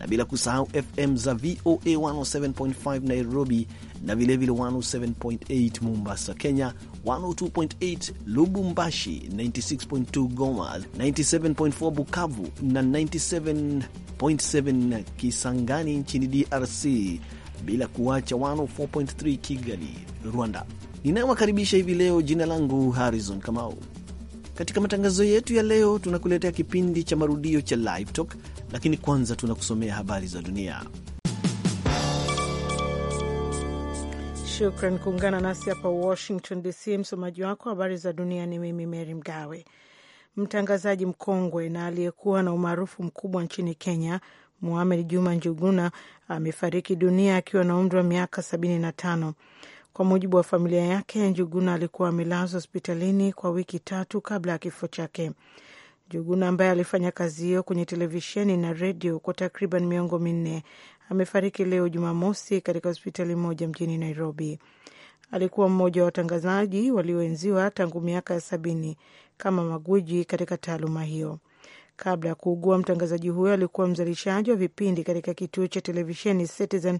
na bila kusahau FM za VOA 107.5 Nairobi na vilevile 107.8 Mombasa, Kenya, 102.8 Lubumbashi, 96.2 Goma, 97.4 Bukavu na 97.7 Kisangani nchini DRC, bila kuacha 104.3 Kigali, Rwanda. Ninawakaribisha hivi leo. Jina langu Harrison Kamau katika matangazo yetu ya leo, tunakuletea kipindi cha marudio cha Live Talk, lakini kwanza tunakusomea habari za dunia. Shukran kuungana nasi hapa Washington DC. Msomaji wako habari za dunia ni mimi Mary Mgawe. Mtangazaji mkongwe na aliyekuwa na umaarufu mkubwa nchini Kenya, muhamed Juma Njuguna amefariki dunia akiwa na umri wa miaka tano. Kwa mujibu wa familia yake, Njuguna alikuwa amelazwa hospitalini kwa wiki tatu kabla ya kifo chake. Njuguna ambaye alifanya kazi hiyo kwenye televisheni na redio kwa takriban miongo minne amefariki leo Jumamosi katika hospitali moja mjini Nairobi. Alikuwa mmoja wa watangazaji walioenziwa tangu miaka ya sabini kama magwiji katika taaluma hiyo. Kabla ya kuugua, mtangazaji huyo alikuwa mzalishaji wa vipindi katika kituo cha televisheni Citizen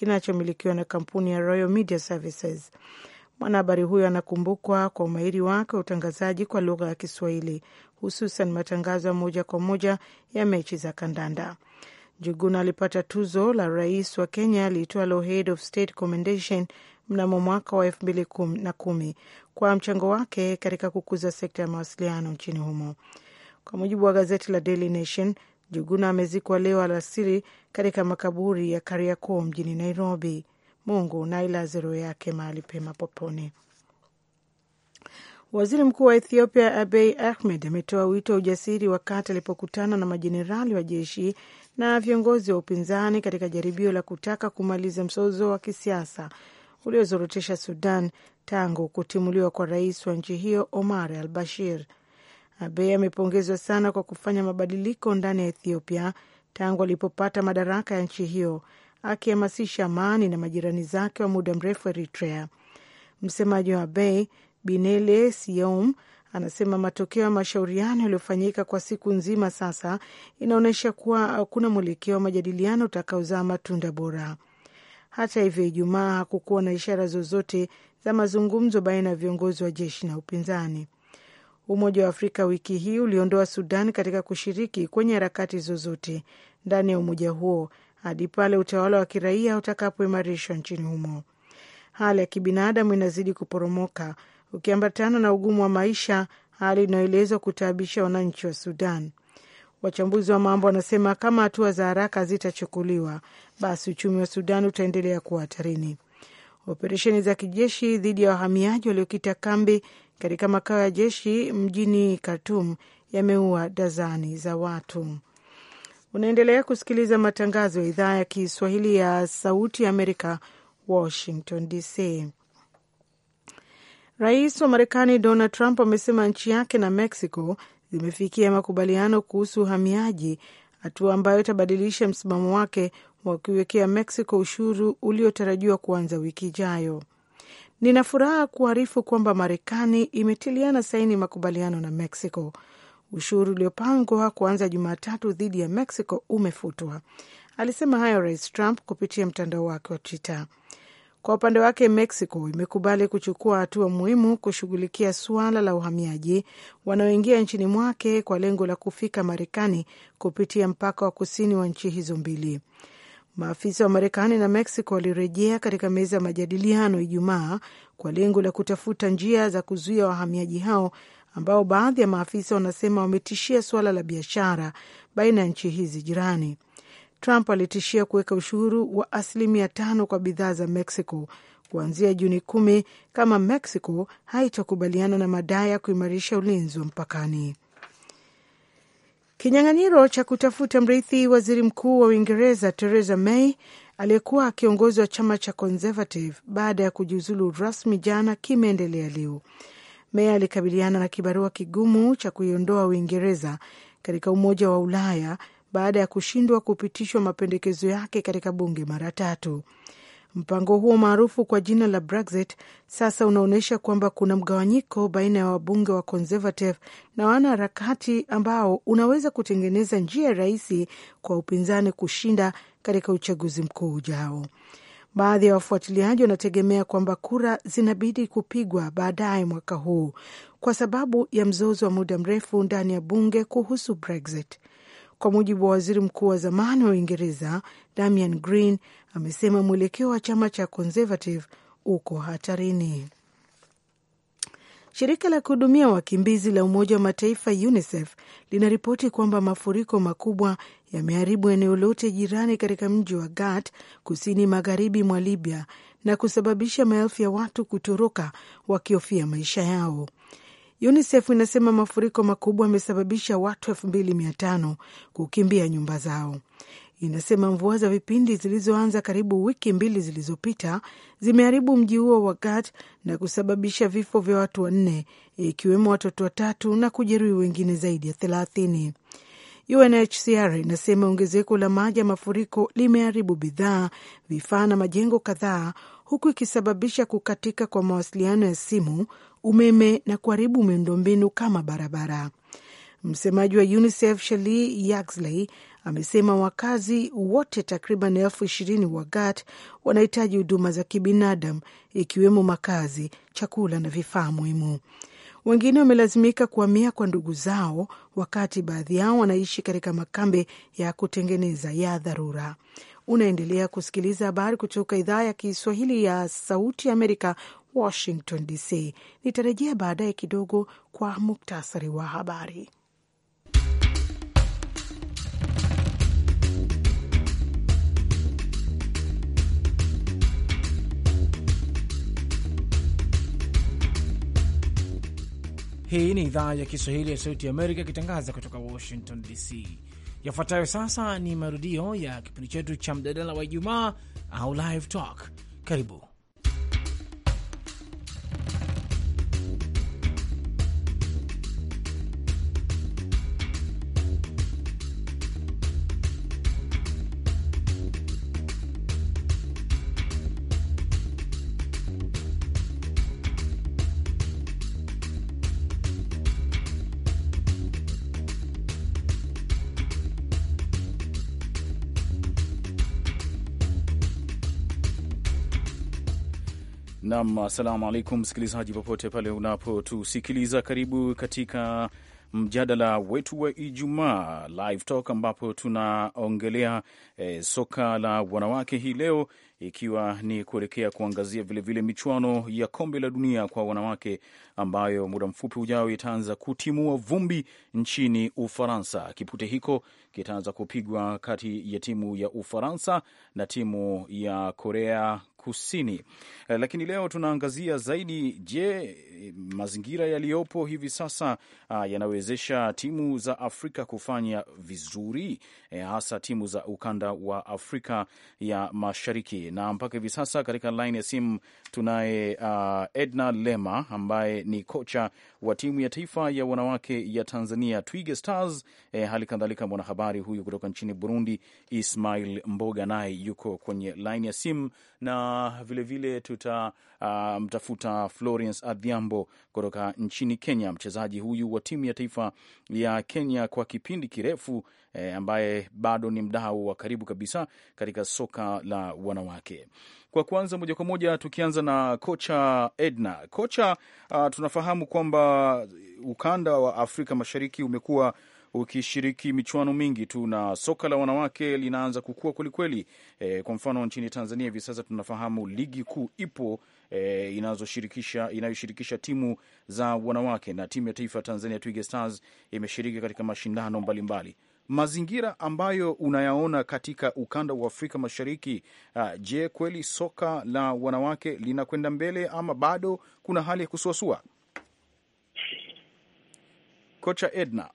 kinachomilikiwa na kampuni ya Royal Media Services. Mwanahabari huyo anakumbukwa kwa umahiri wake wa utangazaji kwa lugha ya Kiswahili, hususan matangazo ya moja kwa moja ya mechi za kandanda. Njuguna alipata tuzo la rais wa Kenya liitwalo Head of State Commendation mnamo mwaka wa elfu mbili na kumi kwa mchango wake katika kukuza sekta ya mawasiliano nchini humo. Kwa mujibu wa gazeti la Daily Nation, Juguna amezikwa leo alasiri katika makaburi ya Kariakoo mjini Nairobi. Mungu na ilaze roho yake mahali pema poponi. Waziri mkuu wa Ethiopia Abiy Ahmed ametoa wito wa ujasiri wakati alipokutana na majenerali wa jeshi na viongozi wa upinzani katika jaribio la kutaka kumaliza mzozo wa kisiasa uliozorotesha Sudan tangu kutimuliwa kwa rais wa nchi hiyo Omar al Bashir. Abe amepongezwa sana kwa kufanya mabadiliko ndani ya Ethiopia tangu alipopata madaraka ya nchi hiyo, akihamasisha amani na majirani zake wa muda mrefu Eritrea. Msemaji wa bey Binele Siom anasema matokeo ya mashauriano yaliyofanyika kwa siku nzima sasa inaonyesha kuwa hakuna mwelekeo wa majadiliano utakaozaa matunda bora. Hata hivyo, Ijumaa hakukuwa na ishara zozote za mazungumzo baina ya viongozi wa jeshi na upinzani. Umoja wa Afrika wiki hii uliondoa Sudan katika kushiriki kwenye harakati zozote ndani ya umoja huo hadi pale utawala wa kiraia utakapoimarishwa nchini humo. Hali ya kibinadamu inazidi kuporomoka ukiambatana na ugumu wa maisha, hali inayoelezwa kutaabisha wananchi wa Sudan. Wachambuzi wa mambo wanasema kama hatua za haraka zitachukuliwa, basi uchumi wa Sudan utaendelea kuwa hatarini. Operesheni za kijeshi dhidi ya wahamiaji waliokita kambi katika makao ya jeshi mjini Khartoum yameua dazani za watu. Unaendelea kusikiliza matangazo ya idhaa ya Kiswahili ya Sauti ya Amerika, Washington DC. Rais wa Marekani Donald Trump amesema nchi yake na Mexico zimefikia makubaliano kuhusu uhamiaji, hatua ambayo itabadilisha msimamo wake wa kuiwekea Mexico ushuru uliotarajiwa kuanza wiki ijayo. Nina furaha kuharifu kwamba Marekani imetiliana saini makubaliano na Mexico. Ushuru uliopangwa kuanza Jumatatu dhidi ya Mexico umefutwa. Alisema hayo Rais Trump kupitia mtandao wake wa Twitter. Kwa upande wake, Mexico imekubali kuchukua hatua muhimu kushughulikia suala la uhamiaji wanaoingia nchini mwake kwa lengo la kufika Marekani kupitia mpaka wa kusini wa nchi hizo mbili. Maafisa wa Marekani na Mexico walirejea katika meza ya majadiliano Ijumaa kwa lengo la kutafuta njia za kuzuia wahamiaji hao ambao baadhi ya maafisa wanasema wametishia suala la biashara baina ya nchi hizi jirani. Trump alitishia kuweka ushuru wa asilimia tano kwa bidhaa za Mexico kuanzia Juni kumi kama Mexico haitakubaliana na madai ya kuimarisha ulinzi wa mpakani. Kinyang'anyiro cha kutafuta mrithi waziri mkuu wa Uingereza Theresa May aliyekuwa kiongozi wa chama cha Conservative baada ya kujiuzulu rasmi jana kimeendelea leo. May alikabiliana na kibarua kigumu cha kuiondoa Uingereza katika Umoja wa Ulaya baada ya kushindwa kupitishwa mapendekezo yake katika bunge mara tatu. Mpango huo maarufu kwa jina la Brexit sasa unaonyesha kwamba kuna mgawanyiko baina ya wabunge wa Conservative na wanaharakati ambao unaweza kutengeneza njia rahisi kwa upinzani kushinda katika uchaguzi mkuu ujao. Baadhi ya wafuatiliaji wanategemea kwamba kura zinabidi kupigwa baadaye mwaka huu kwa sababu ya mzozo wa muda mrefu ndani ya bunge kuhusu Brexit. Kwa mujibu wa waziri mkuu wa zamani wa Uingereza Damian Green, amesema mwelekeo wa chama cha Conservative uko hatarini. Shirika la kuhudumia wakimbizi la Umoja wa Mataifa UNICEF linaripoti kwamba mafuriko makubwa yameharibu eneo lote jirani katika mji wa Gat kusini magharibi mwa Libya na kusababisha maelfu ya watu kutoroka wakihofia maisha yao. UNICEF inasema mafuriko makubwa yamesababisha watu elfu mbili mia tano kukimbia nyumba zao. Inasema mvua za vipindi zilizoanza karibu wiki mbili zilizopita zimeharibu mji huo wa Gat na kusababisha vifo vya watu wanne ikiwemo watoto watatu na kujeruhi wengine zaidi ya thelathini. UNHCR inasema ongezeko la maji ya mafuriko limeharibu bidhaa, vifaa na majengo kadhaa, huku ikisababisha kukatika kwa mawasiliano ya simu, umeme na kuharibu miundombinu kama barabara. Msemaji wa UNICEF Shali Yaxley amesema wakazi wote takriban elfu ishirini wa Gat wanahitaji huduma za kibinadamu ikiwemo makazi, chakula na vifaa muhimu. Wengine wamelazimika kuhamia kwa ndugu zao, wakati baadhi yao wanaishi katika makambe ya kutengeneza ya dharura. Unaendelea kusikiliza habari kutoka idhaa ya Kiswahili ya Sauti ya Amerika, Washington DC. Nitarejea baadaye kidogo kwa muktasari wa habari. Hii ni idhaa ya Kiswahili ya Sauti ya Amerika ikitangaza kutoka Washington DC. Yafuatayo sasa ni marudio ya kipindi chetu cha mjadala wa Ijumaa au Live Talk. Karibu. Nam, assalamu alaikum msikilizaji, popote pale unapotusikiliza, karibu katika mjadala wetu wa Ijumaa Live Talk, ambapo tunaongelea e, soka la wanawake hii leo, ikiwa ni kuelekea kuangazia vilevile michuano ya kombe la dunia kwa wanawake ambayo muda mfupi ujao itaanza kutimua vumbi nchini Ufaransa. Kipute hiko kitaanza kupigwa kati ya timu ya Ufaransa na timu ya Korea Kusini. Eh, lakini leo tunaangazia zaidi, je, mazingira yaliyopo hivi sasa ah, yanawezesha timu za Afrika kufanya vizuri, eh, hasa timu za ukanda wa Afrika ya Mashariki? Na mpaka hivi sasa katika laini ya simu tunaye uh, ah, Edna Lema ambaye ni kocha wa timu ya taifa ya wanawake ya Tanzania Twiga Stars. E, hali kadhalika mwanahabari huyu kutoka nchini Burundi Ismail Mboga naye yuko kwenye laini ya simu na vilevile tutamtafuta uh, Florence Adhiambo kutoka nchini Kenya, mchezaji huyu wa timu ya taifa ya Kenya kwa kipindi kirefu eh, ambaye bado ni mdau wa karibu kabisa katika soka la wanawake. Kwa kwanza moja kwa moja tukianza na kocha Edna. Kocha uh, tunafahamu kwamba ukanda wa Afrika Mashariki umekuwa ukishiriki michuano mingi tu, na soka la wanawake linaanza kukua kwelikweli. E, kwa mfano nchini Tanzania hivi sasa tunafahamu ligi kuu ipo E, inazoshirikisha inayoshirikisha timu za wanawake na timu ya taifa ya Tanzania Twiga Stars imeshiriki katika mashindano mbalimbali. Mazingira ambayo unayaona katika ukanda wa Afrika Mashariki, uh, je, kweli soka la wanawake linakwenda mbele ama bado kuna hali ya kusuasua? Kocha Edna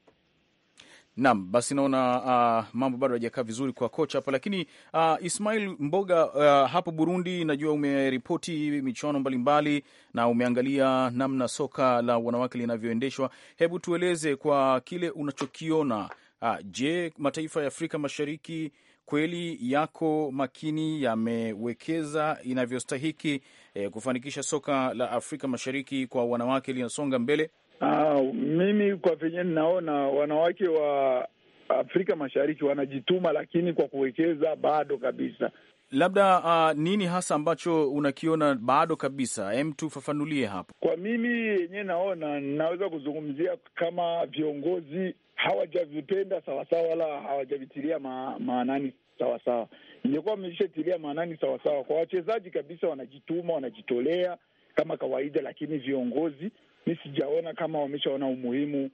Naam, basi naona uh, mambo bado hajakaa vizuri kwa kocha hapa, lakini uh, Ismail Mboga, uh, hapo Burundi najua umeripoti michuano mbalimbali na umeangalia namna soka la wanawake linavyoendeshwa. Hebu tueleze kwa kile unachokiona. Uh, je, mataifa ya Afrika Mashariki kweli yako makini, yamewekeza inavyostahiki eh, kufanikisha soka la Afrika Mashariki kwa wanawake linasonga mbele? Aa, ah, mimi kwa venye ninaona wanawake wa Afrika Mashariki wanajituma, lakini kwa kuwekeza bado kabisa. Labda uh, nini hasa ambacho unakiona bado kabisa? Hem, tufafanulie hapo. Kwa mimi yenye naona naweza kuzungumzia kama viongozi hawajavipenda sawasawa, wala hawajavitilia ma, maanani sawasawa. Ingekuwa wameshatilia maanani sawasawa, kwa wachezaji kabisa wanajituma, wanajitolea kama kawaida, lakini viongozi mi sijaona kama wameshaona umuhimu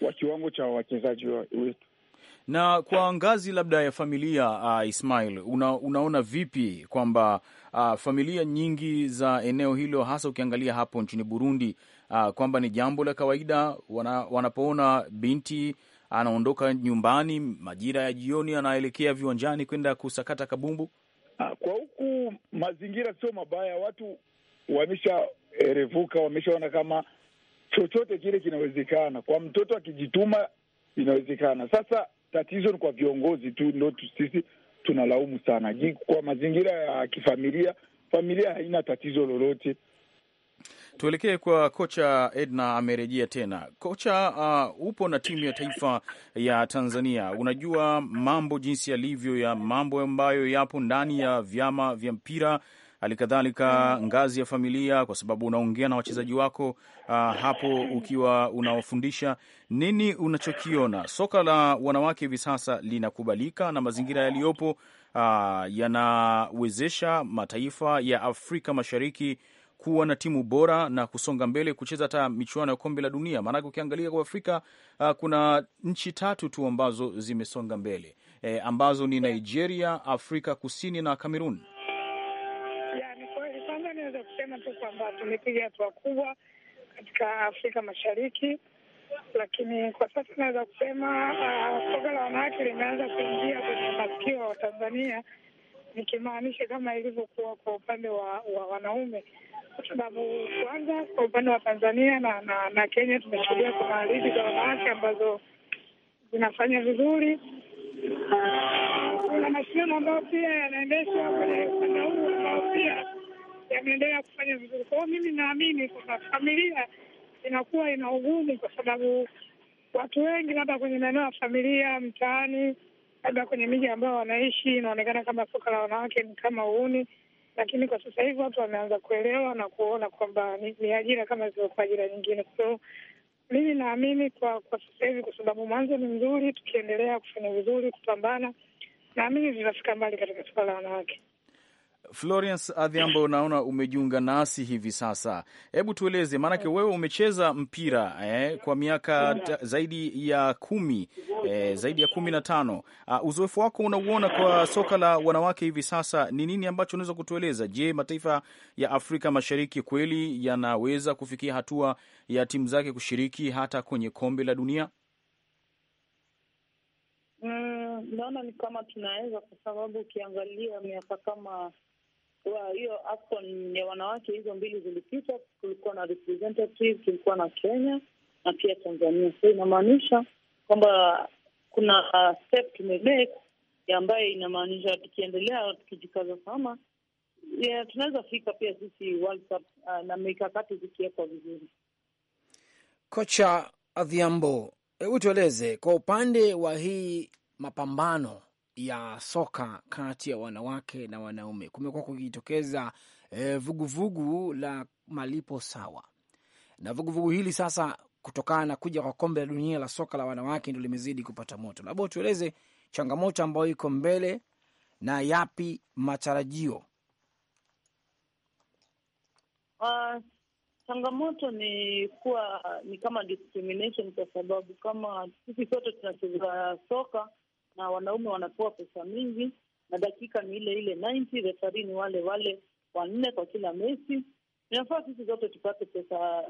wa kiwango cha wachezaji wetu na kwa ngazi labda ya familia uh, Ismail una, unaona vipi kwamba uh, familia nyingi za eneo hilo hasa ukiangalia hapo nchini Burundi uh, kwamba ni jambo la kawaida wana, wanapoona binti anaondoka nyumbani majira ya jioni anaelekea viwanjani kwenda kusakata kabumbu? Uh, kwa huku mazingira sio mabaya, watu wameshaerevuka, wameshaona kama chochote kile kinawezekana. Kwa mtoto akijituma, inawezekana. Sasa tatizo ni kwa viongozi tu, ndo sisi tunalaumu sana. Kwa mazingira ya kifamilia, familia haina tatizo lolote. Tuelekee kwa kocha Edna, amerejea tena kocha. Uh, upo na timu ya taifa ya Tanzania, unajua mambo jinsi yalivyo ya mambo ambayo yapo ndani ya vyama vya mpira halikadhalika ngazi ya familia, kwa sababu unaongea na wachezaji wako uh, hapo ukiwa unawafundisha. Nini unachokiona soka la wanawake hivi sasa linakubalika na mazingira yaliyopo ah, yanawezesha mataifa ya Afrika Mashariki kuwa na timu bora na kusonga mbele kucheza hata michuano ya kombe la dunia. Maanake ukiangalia kwa Afrika uh, kuna nchi tatu tu ambazo zimesonga mbele e, ambazo ni Nigeria, Afrika Kusini na Kamerun tena tu kwamba tumepiga hatua kubwa katika Afrika Mashariki, lakini kwa sasa naweza kusema uh, soka la wanawake limeanza kuingia kwenye masikio wa Tanzania, nikimaanisha kama ilivyokuwa kwa upande wa, wa wanaume, kwa sababu kwanza kwa upande wa Tanzania na na, na Kenya tumeshuhudia kuna ligi za wanawake ambazo zinafanya vizuri. Ah, kuna mashindano ambayo pia yanaendeshwa kwenye upande huu ambao pia yameendelea kufanya vizuri. Kwa hiyo mimi naamini kwamba familia inakuwa ina ugumu, kwa sababu watu wengi labda kwenye maeneo ya familia mtaani, labda kwenye miji ambayo wanaishi, inaonekana kama soka la wanawake ni kama uhuni, lakini kwa sasa hivi watu wameanza kuelewa na kuona kwamba ni, ni ajira kama zilivyokuwa ajira nyingine. Kwa hiyo mimi naamini kwa kwa sasa hivi, kwa sababu mwanzo ni mzuri, tukiendelea kufanya vizuri, kupambana, naamini zinafika mbali katika soka la wanawake. Florence Adhiambo, unaona umejiunga nasi hivi sasa, hebu tueleze, maanake wewe umecheza mpira eh, kwa miaka zaidi ya kumi eh, zaidi ya kumi na tano. Uh, uzoefu wako unauona kwa soka la wanawake hivi sasa, ni nini ambacho unaweza kutueleza? Je, mataifa ya Afrika Mashariki kweli yanaweza kufikia hatua ya timu zake kushiriki hata kwenye kombe la dunia? Mm, naona ni kama tunaweza, kwa sababu ukiangalia miaka kama wa hiyo AFCON ya wanawake hizo mbili zilipita, kulikuwa na representative, kulikuwa na Kenya na pia Tanzania. So inamaanisha kwamba kuna uh, step tumemake ambaye inamaanisha tukiendelea tukijikaza sama, yeah, tunaweza fika pia sisi World Cup, uh, na mikakati zikiwekwa vizuri. Kocha Adhiambo, hebu tueleze kwa upande wa hii mapambano ya soka kati ya wanawake na wanaume kumekuwa kukijitokeza eh, vuguvugu eh, vugu la malipo sawa, na vuguvugu vugu hili sasa, kutokana na kuja kwa kombe la dunia la soka la wanawake, ndo limezidi kupata moto. Labda tueleze changamoto ambayo iko mbele na yapi matarajio? Uh, changamoto ni kuwa ni kama discrimination, kwa sababu kama sisi sote tunacheza soka na wanaume wanapewa pesa mingi, na dakika ni ile ile 90, refari ni wale wale wanne kwa kila mechi. Inafaa sisi zote tupate pesa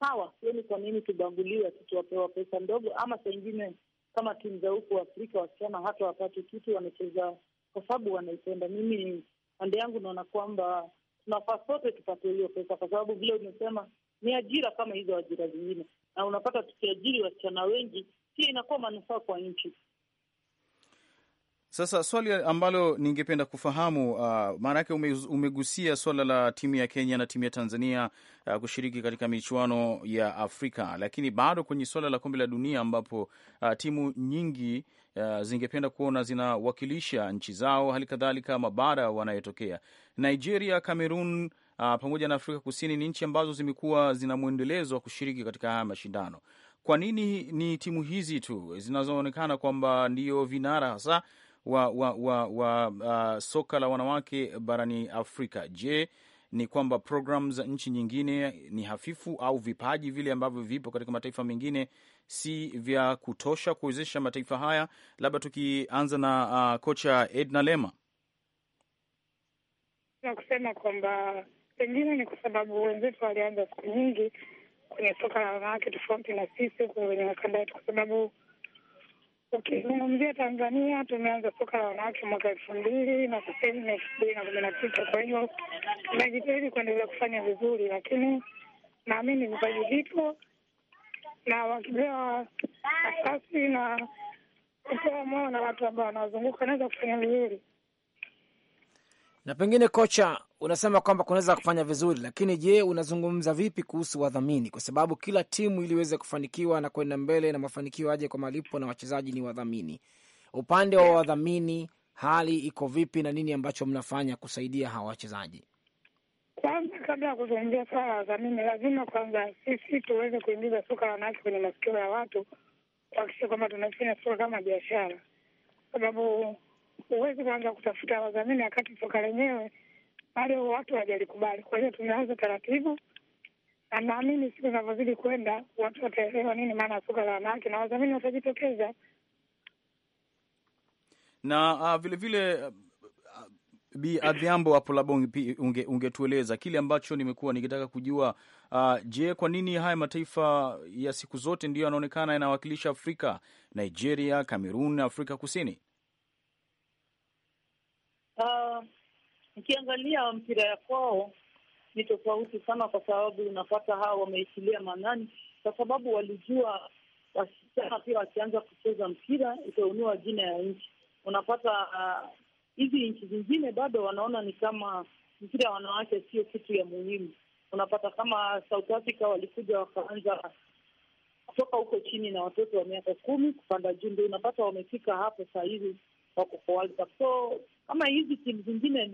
sawa. yani kwa nini tubaguliwe, sisi wapewa pesa ndogo, ama saa ingine kama timu za huku Afrika wasichana hata wapate kitu, wanacheza kwa sababu wanaipenda. Mimi pande yangu naona kwamba tunafaa sote tupate hiyo pesa, kwa sababu vile umesema ni ajira kama hizo ajira zingine, na unapata tukiajiri wasichana wengi, pia inakuwa manufaa kwa nchi. Sasa swali ambalo ningependa kufahamu uh, maanake umegusia swala la timu ya Kenya na timu ya Tanzania uh, kushiriki katika michuano ya Afrika, lakini bado kwenye swala la kombe la dunia ambapo uh, timu nyingi uh, zingependa kuona zinawakilisha nchi zao, hali kadhalika mabara wanayotokea Nigeria, Cameroon Uh, pamoja na Afrika Kusini ni nchi ambazo zimekuwa zina mwendelezo wa kushiriki katika haya mashindano. Kwa nini ni timu hizi tu zinazoonekana kwamba ndio vinara hasa wa, wa, wa, wa uh, soka la wanawake barani Afrika. Je, ni kwamba programu za nchi nyingine ni hafifu au vipaji vile ambavyo vipo katika mataifa mengine si vya kutosha kuwezesha mataifa haya? Labda tukianza na uh, kocha Edna Lema. Na kusema kwamba pengine ni kwa sababu wenzetu walianza siku nyingi kwenye soka la wanawake tofauti na sisi huku kwenye makanda yetu, kwa sababu Okay, Tanzania, tumeanza soka la wanawake mwaka elfu mbili na sasa hivi ni elfu mbili na kumi na tisa. Kwa hiyo tunajitahidi kuendelea kufanya vizuri, lakini naamini vipaji vipo na wakipewa nafasi na kupewa moyo na watu ambao wanawazunguka wanaweza kufanya vizuri. Na pengine kocha, unasema kwamba kunaweza kufanya vizuri, lakini je, unazungumza vipi kuhusu wadhamini? Kwa sababu kila timu ili iweze kufanikiwa na kwenda mbele na mafanikio aje kwa malipo na wachezaji ni wadhamini. Upande wa wadhamini, hali iko vipi na nini ambacho mnafanya kusaidia hawa wachezaji? Kwanza, kabla ya kuzungumzia swala la wadhamini, lazima kwanza sisi tuweze kuingiza soka la wanawake kwenye masikio ya watu, kuhakikisha kwamba tunafanya soka kama biashara, sababu huwezi kuanza kutafuta wadhamini wakati soka lenyewe bado watu hawajalikubali. Kwa hiyo tumeanza taratibu, na naamini siku zinavyozidi kwenda watu wataelewa nini maana ya la wanawake na wadhamini watajitokeza. Na uh, vile vile uh, Bi Adhiambo hapo, labda ungetueleza unge kile ambacho nimekuwa nikitaka kujua. Uh, je, kwa nini haya mataifa ya siku zote ndiyo yanaonekana yanawakilisha Afrika? Nigeria, Cameroon, Afrika Kusini. Uh, Ukiangalia mpira ya kwao ni tofauti sana, kwa sababu unapata hao wameitilia maanani, kwa sababu walijua wasichana pia wakianza kucheza mpira itaunua jina ya nchi. Unapata ah, hizi uh, nchi zingine bado wanaona ni kama mpira ya wanawake sio kitu ya muhimu. Unapata kama South Africa walikuja wakaanza kutoka huko chini na watoto wa miaka kumi kupanda juu, ndio unapata wamefika hapo saa hizi wako kwa World Cup. So kama hizi timu zingine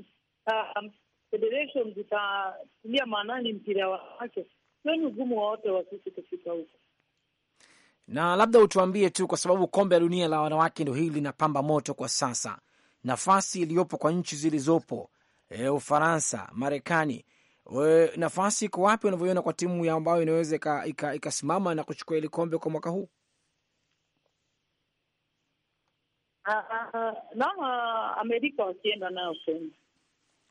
um, federation zitatilia maanani mpira wake, sio ni ugumu wowote wa sisi kufika huko na labda utuambie tu, kwa sababu kombe la dunia la wanawake ndo hili linapamba moto kwa sasa, nafasi iliyopo kwa nchi zilizopo, e, Ufaransa, Marekani, e, nafasi iko wapi unavyoiona kwa timu ya ambayo inaweza ikasimama na kuchukua hili kombe kwa mwaka huu? Uh, uh, naona Amerika wakienda nayo Kenya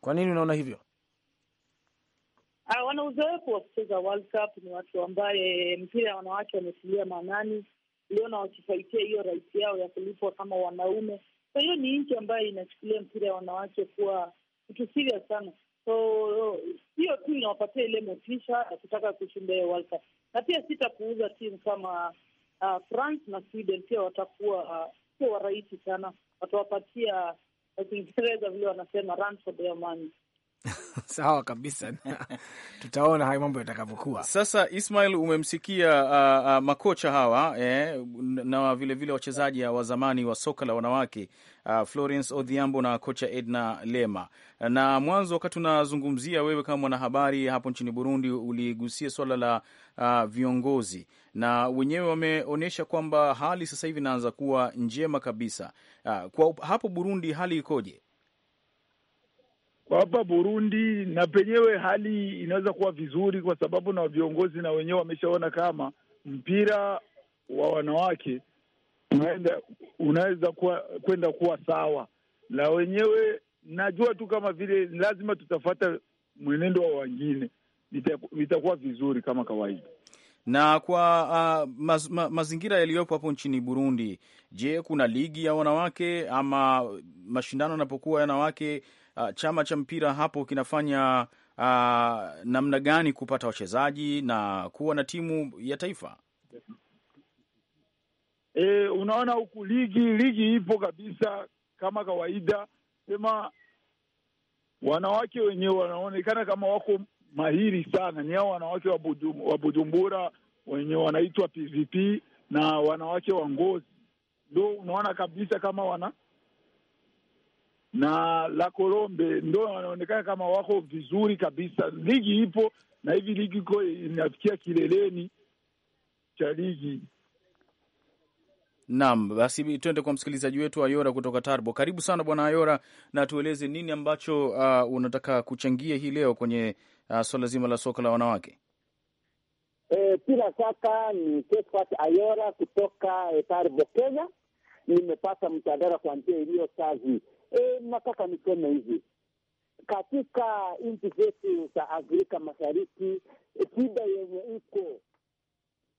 kwa nini unaona hivyo? Uh, wana uzoefu wa kucheza World Cup, ni watu ambaye mpira ya wanawake wamesilia maanani, uliona wakifaitia hiyo rahisi yao ya kulipwa kama wanaume. Kwa hiyo ni nchi ambayo inachukulia mpira ya wanawake kuwa kitu serious sana, so hiyo tu inawapatia ile motisha ya kutaka kushinda hiyo World Cup, na pia sitakuuza timu kama uh, France na Sweden pia watakuwa uh, ah, sio warahisi sana, watawapatia Ukiingereza vile wanasema run for their money. Sawa kabisa tutaona hayo mambo yatakavyokuwa. Sasa Ismail, umemsikia uh, uh, makocha hawa eh, na vilevile wachezaji wa zamani wa soka la wanawake uh, Florence Odhiambo na kocha Edna Lema. Na mwanzo wakati unazungumzia wewe kama mwanahabari hapo nchini Burundi, uligusia swala la uh, viongozi na wenyewe wameonyesha kwamba hali sasa hivi inaanza kuwa njema kabisa, Ah, kwa hapo Burundi hali ikoje? Kwa hapa Burundi na penyewe hali inaweza kuwa vizuri, kwa sababu na viongozi na wenyewe wameshaona kama mpira wa wanawake unaenda unaweza kuwa kwenda kuwa sawa na wenyewe. Najua tu kama vile lazima tutafata mwenendo wa wengine, vitakuwa vizuri kama kawaida. Na kwa uh, maz, ma, mazingira yaliyopo hapo nchini Burundi, je, kuna ligi ya wanawake ama mashindano yanapokuwa wanawake, uh, chama cha mpira hapo kinafanya uh, namna gani kupata wachezaji na kuwa na timu ya taifa? E, unaona huku ligi ligi ipo kabisa kama kawaida, sema wanawake wenyewe wanaonekana kama wako mahiri sana, ni hao wanawake wa Bujumbura wenye wanaitwa PVP na wanawake wa ngozi, ndo unaona kabisa kama wana na la Korombe ndo wanaonekana kama wako vizuri kabisa. Ligi ipo na hivi ligi iko inafikia kileleni cha ligi. Naam, basi tuende kwa msikilizaji wetu Ayora kutoka Tarbo. Karibu sana bwana Ayora, na tueleze nini ambacho uh, unataka kuchangia hii leo kwenye uh, swala zima la soka la wanawake? E, pila shaka ni Kefat Ayora kutoka Etare kenya nimepata mtandara kwa njia iliyo sazi. E, nataka niseme hivi katika nchi zetu za Afrika Mashariki, e, shida yenye iko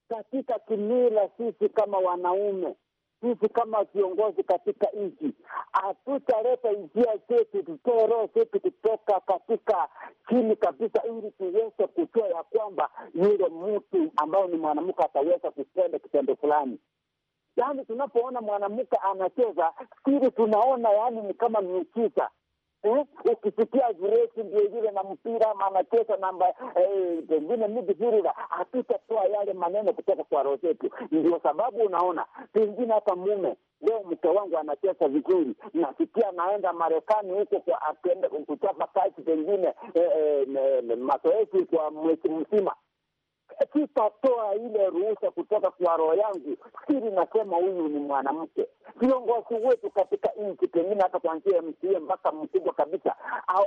katika kimila, sisi kama wanaume sisi kama viongozi katika nchi hatutaleta njia zetu, tutoe roho zetu kutoka katika chini kabisa, ili tuweze kujua ya kwamba yule mtu ambayo ni mwanamke ataweza kutenda kitendo fulani. Yaani tunapoona mwanamke anacheza siri, tunaona yaani ni kama miujiza Eh? ukisikia viresi ndio vile na mpira manacheza namba eh, pengine midfielder hatutatoa yale maneno kutoka kwa roho zetu. Ndio sababu unaona pengine hata mume leo, mke wangu anacheza vizuri, nasikia naenda Marekani huko kwa kuchapa kazi, pengine eh, mazoezi kwa mwezi mzima sitatoa ile ruhusa kutoka kwa roho yangu. Siri nasema huyu ni mwanamke. Viongozi wetu katika nchi, pengine hata kuanzia mcie mpaka mkubwa kabisa,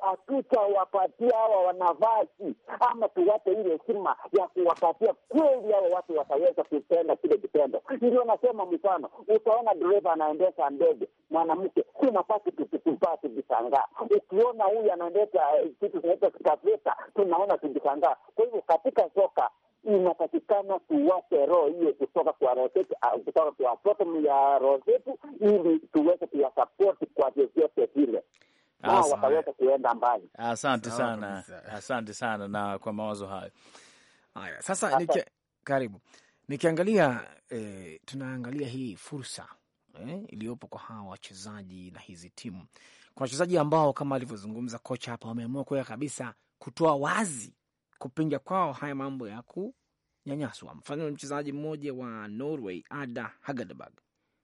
hatutawapatia hawa wanavazi ama tuwape ile heshima ya kuwapatia kweli, hawa watu wataweza kutenda kile kitendo. Ndio nasema mfano, utaona dereva anaendesha ndege mwanamke, si nafasi tukikuvaa tukishangaa. Ukiona huyu anaendesha eh, kitu tunaita tunaona tujisangaa Kwa hivyo katika soka inatakikana tuwache roho hiyo kutoka kwa rozetu, kutoka kwa bottom ya rozetu, ili tuweze tuwasapoti kwa vyovyote vile. Wataweza kuenda mbali. Asante sana, asante sana na kwa mawazo hayo. Haya, sasa niki, karibu nikiangalia eh, tunaangalia hii fursa eh, iliyopo kwa hawa wachezaji na hizi timu. Kuna wachezaji ambao kama alivyozungumza kocha hapa, wameamua kuweka kabisa, kutoa wazi kupinga kwao haya mambo ya kunyanyaswa. Mfano ni mchezaji mmoja wa Norway, Ada Hagadberg,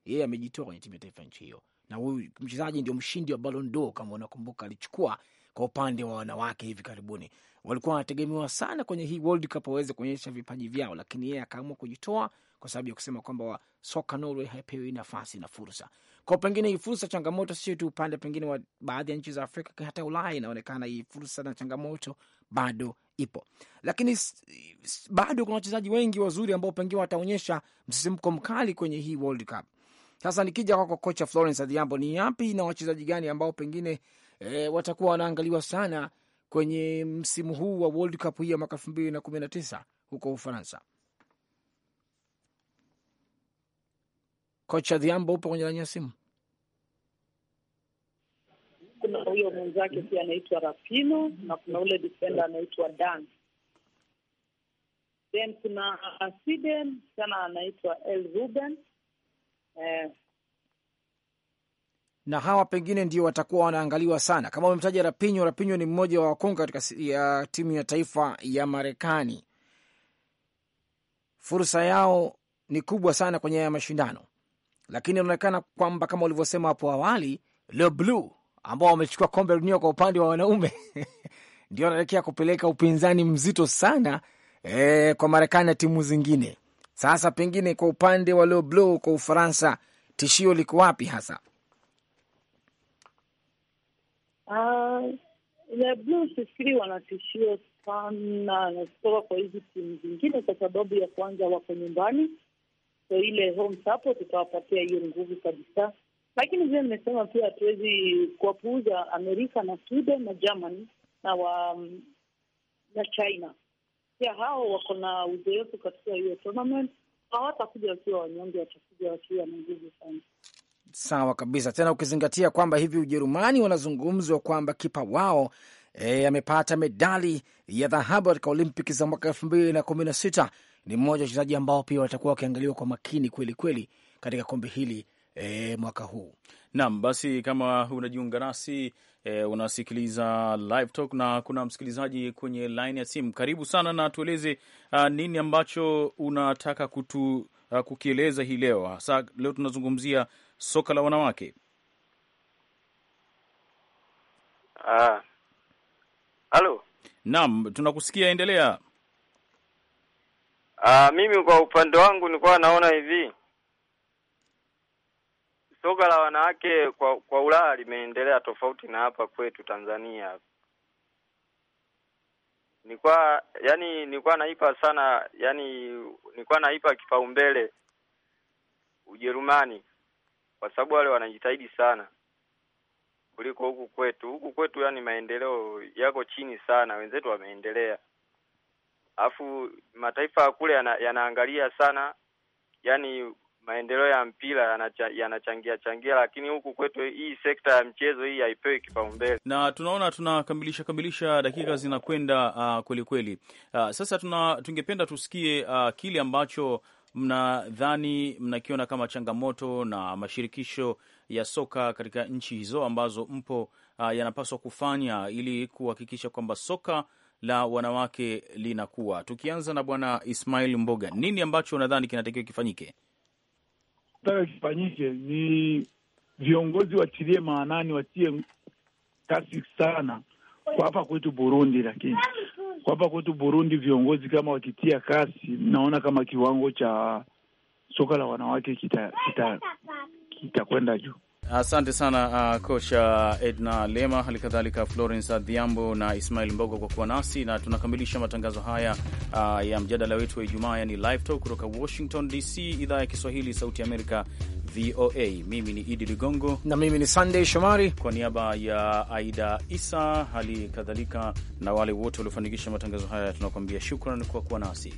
yeye amejitoa kwenye timu ya taifa nchi hiyo, na huyu mchezaji ndio mshindi wa Ballon d'Or kama unakumbuka, alichukua kwa upande wa wanawake hivi karibuni. Walikuwa wanategemewa sana kwenye hii World Cup waweze kuonyesha vipaji vyao, lakini yeye akaamua kujitoa kwa sababu ya kusema kwamba soka Norway haipewi nafasi na fursa. Kwa pengine hii fursa, changamoto sio tu upande pengine wa baadhi ya nchi za Afrika, hata Ulaya inaonekana hii fursa na changamoto bado ipo, lakini bado kuna wachezaji wengi wazuri ambao pengine wataonyesha msisimko mkali kwenye hii World Cup. Sasa nikija kwako kocha Florence Adhiambo, ni yapi na wachezaji gani ambao pengine e, watakuwa wanaangaliwa sana kwenye msimu huu wa World Cup hii ya mwaka elfu mbili na kumi na tisa huko Ufaransa? Kocha Adhiambo, upo kwenye laini ya simu? huyo mwenzake pia anaitwa Rafino na kuna ule defender anaitwa Dan. Then kuna uh, Sweden sana anaitwa El Ruben eh. Na hawa pengine ndio watakuwa wanaangaliwa sana, kama umemtaja Rapinyo. Rapinyo ni mmoja wa wakonga katika ya timu ya taifa ya Marekani. Fursa yao ni kubwa sana kwenye haya mashindano, lakini inaonekana kwamba kama ulivyosema hapo awali, Le Blue ambao wamechukua kombe la dunia kwa upande wa wanaume ndio anaelekea kupeleka upinzani mzito sana e, kwa Marekani na timu zingine. Sasa pengine kwa upande wa Le Bleu kwa Ufaransa, tishio liko wapi hasa? Uh, ah, Le Bleu sifikiri wana tishio sana nakutoka kwa hizi timu zingine, kwa sababu ya kwanza wako nyumbani, so ile home support itawapatia hiyo nguvu kabisa lakini vile nimesema pia hatuwezi kuwapuuza Amerika na Sweden na Germany na wa mm, na China pia, hao wako na uzoefu katika hiyo tournament. Hawatakuja wakiwa wanyonge, watakuja wakiwa na nguvu sana. Sawa kabisa, tena ukizingatia kwamba hivi Ujerumani wanazungumzwa kwamba kipa wao e, amepata medali ya dhahabu katika Olimpiki za mwaka elfu mbili na kumi na sita. Ni mmoja wa wachezaji ambao pia watakuwa wakiangaliwa kwa makini kweli kweli katika kombe hili e, mwaka huu. Naam, basi kama unajiunga nasi e, unasikiliza Live Talk na kuna msikilizaji kwenye laini ya simu. Karibu sana na tueleze a, nini ambacho unataka kutu, kukieleza hii leo, hasa leo tunazungumzia soka la wanawake. Ah. Halo. Naam, tunakusikia, endelea. Ah, mimi kwa upande wangu nilikuwa naona hivi soka la wanawake kwa kwa Ulaya limeendelea tofauti na hapa kwetu Tanzania. Nilikuwa yani, nilikuwa naipa sana yani, nilikuwa naipa kipaumbele Ujerumani kwa sababu wale wanajitahidi sana kuliko huku kwetu. Huku kwetu yani maendeleo yako chini sana, wenzetu wameendelea, alafu mataifa kule yana, yanaangalia sana yani maendeleo ya mpira yanachangia changia, lakini huku kwetu hii sekta ya mchezo hii haipewi kipaumbele, na tunaona tunakamilisha kamilisha, dakika zinakwenda uh, kweli kweli. Uh, sasa tuna, tungependa tusikie uh, kile ambacho mnadhani mnakiona kama changamoto na mashirikisho ya soka katika nchi hizo ambazo mpo uh, yanapaswa kufanya ili kuhakikisha kwamba soka la wanawake linakuwa. Tukianza na Bwana Ismail Mboga, nini ambacho unadhani kinatakiwa kifanyike? kinachotaka kifanyike ni viongozi watilie maanani, watie kasi sana kwa hapa kwetu Burundi. Lakini kwa hapa kwetu Burundi, viongozi kama wakitia kasi, naona kama kiwango cha soka la wanawake kitakwenda kita, kita juu. Asante sana uh, kocha uh, Edna Lema, hali kadhalika Florence Adhiambo na Ismail Mbogo kwa kuwa nasi, na tunakamilisha matangazo haya uh, ya mjadala wetu wa Ijumaa, yani live talk kutoka Washington DC, idhaa ya Kiswahili, sauti ya Amerika, VOA. Mimi ni Idi Ligongo na mimi ni sandey Shomari, kwa niaba ya Aida Isa hali kadhalika na wale wote waliofanikisha matangazo haya, tunakuambia shukran kwa kuwa nasi.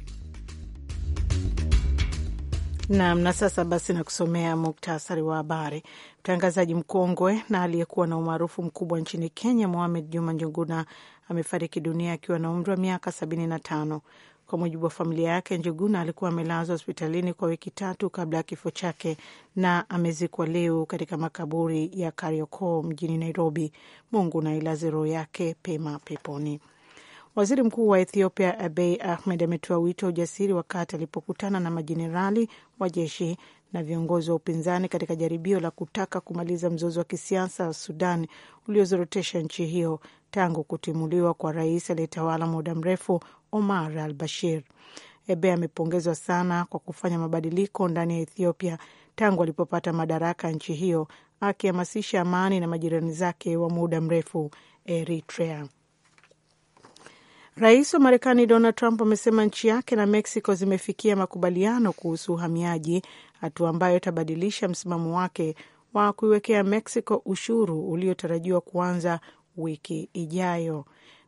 Naam, na sasa basi nakusomea muktasari wa habari. Mtangazaji mkongwe na aliyekuwa na umaarufu mkubwa nchini Kenya, Mohamed Juma Njuguna amefariki dunia akiwa na umri wa miaka sabini na tano. Kwa mujibu wa familia yake, Njuguna alikuwa amelazwa hospitalini kwa wiki tatu kabla ya kifo chake na amezikwa leo katika makaburi ya karioko mjini Nairobi. Mungu nailaze roho yake pema peponi. Waziri mkuu wa Ethiopia Abiy Ahmed ametoa wito wa ujasiri wakati alipokutana na majenerali wa jeshi na viongozi wa upinzani katika jaribio la kutaka kumaliza mzozo wa kisiasa wa Sudan uliozorotesha nchi hiyo tangu kutimuliwa kwa rais aliyetawala muda mrefu Omar al Bashir. Ebe amepongezwa sana kwa kufanya mabadiliko ndani ya Ethiopia tangu alipopata madaraka nchi hiyo, akihamasisha amani na majirani zake wa muda mrefu Eritrea. Rais wa Marekani Donald Trump amesema nchi yake na Mexico zimefikia makubaliano kuhusu uhamiaji, hatua ambayo itabadilisha msimamo wake wa kuiwekea Mexico ushuru uliotarajiwa kuanza wiki ijayo.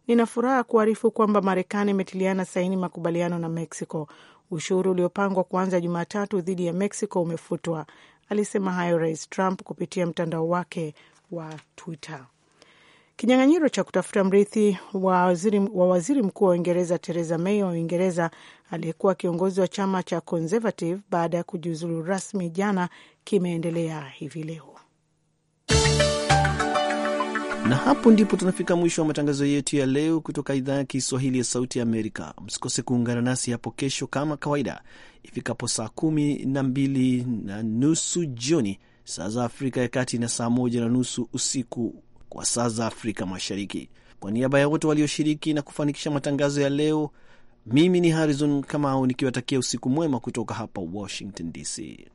Nina furaha kuarifu kwamba Marekani imetiliana saini makubaliano na Mexico. Ushuru uliopangwa kuanza Jumatatu dhidi ya Mexico umefutwa. Alisema hayo Rais Trump kupitia mtandao wake wa Twitter. Kinyang'anyiro cha kutafuta mrithi wa waziri, wa waziri mkuu wa Uingereza Theresa May wa Uingereza aliyekuwa kiongozi wa chama cha Conservative baada ya kujiuzulu rasmi jana kimeendelea hivi leo. Na hapo ndipo tunafika mwisho wa matangazo yetu ya leo kutoka idhaa ya Kiswahili ya Sauti ya Amerika. Msikose kuungana nasi hapo kesho kama kawaida ifikapo saa kumi na mbili na nusu jioni saa za Afrika ya Kati na saa moja na nusu usiku kwa saa za Afrika Mashariki. Kwa niaba ya wote walioshiriki na kufanikisha matangazo ya leo, mimi ni Harrison Kamau nikiwatakia usiku mwema kutoka hapa Washington DC.